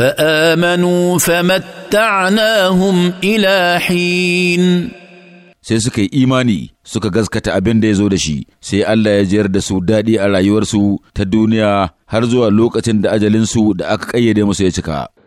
فآمنوا فمتعناهم إلى حين sai suka yi imani suka gaskata abin da ya zo da shi sai Allah ya jiyar da su daɗi a rayuwarsu ta duniya har zuwa lokacin da ajalinsu da aka ƙayyade musu ya cika.